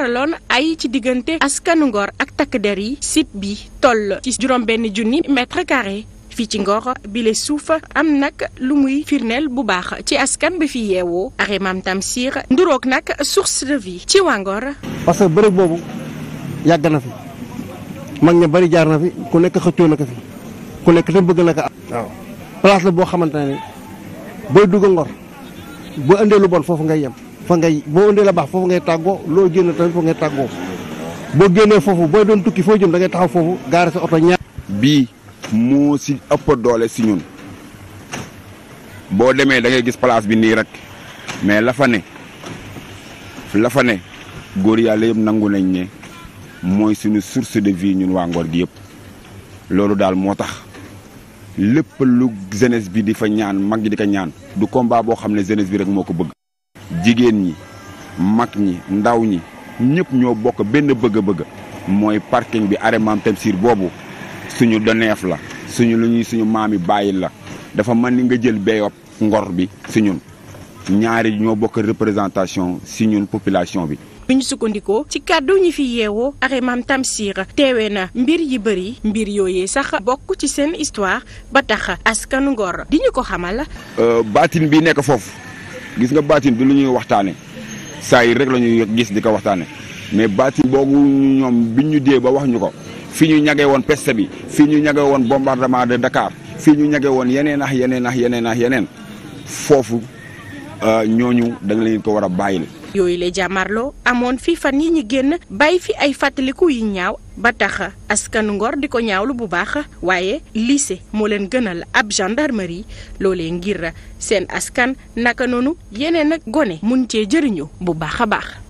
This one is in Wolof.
waraloon ay ci diggante askanu Ngor ak takk der yi site bi toll ci juróom benn junni mètre carré fii ci Ngor bile suuf am nag lu muy firndeel bu baax ci askan bi fi yeewoo are maam Tamsir nduroog nag source de vie ci waa Ngor parce que bërëb boobu yàgg na fi mag ña bari jaar na fi ku nekk xëccoo na fi ku nekk tam bëgg na am waaw place la boo xamante ne booy dugg Ngor boo indee lu bon foofu ngay yem fa ngay boo indee la baax foofu ngay tàggoo loo génn tamit foofu ngay tàggoo boo génnee foofu booy doon tukki foo jëm dangay ngay taxaw foofu gaare sa oto ñaar. bii moo si ëpp doole si ñun boo demee da ngay gis place bi nii rek mais lafane lafane góor yàlla yëpp nangu nañ ne mooy suñu source de vie ñun waa Ngor gi yëpp loolu daal moo tax lépp lu jeunesse bi di fa ñaan mag gi di ko ñaan du combat boo xam ne jeunesse bi rek moo ko bëgg. jigéen ñi mag ñi ndaw ñi ñëpp ñoo bokk benn bëgg-bëgg mooy parking bi arrêt Mame boobu suñu doneef la suñu lu ñuy suñu maam yi bàyyi la dafa mën ni nga jël béyob ngor bi si ñaari ñoo bokk représentation si ñun population bi bi ñu sukkandikoo ci kàddu ñi fi yeewoo arrêt Mame Tamsir teewee na mbir yi bëri mbir yooyee sax bokk ci seen histoire ba tax askanu Ngor di ñu ko xamal euh, baatin bi nekk foofu gis nga baatin du lu ñuy waxtaane saa yi rek la ñuy gis di ko waxtaane mais baatin boobu ñoom biñ ñu dee ba wax ñu ko fii ñu ñagee woon peste bi fii ñu ñagee woon bombardement de Dakar fii ñu ñagee woon yeneen ax yeneen ax yeneen ax yeneen foofu euh, ñooñu danga nga leen ko war a bàyyil yooyu lay jàmmarloo amoon fii fan yi ñu génn bàyyi fi ay fàttaliku yu ñaaw ba tax askanu Ngor di ko ñaawlu bu baax waaye lycée moo leen gënal ab gendarmerie loole ngir seen askan naka noonu yeneen ak gone mun cee jëriñu bu baax a baax.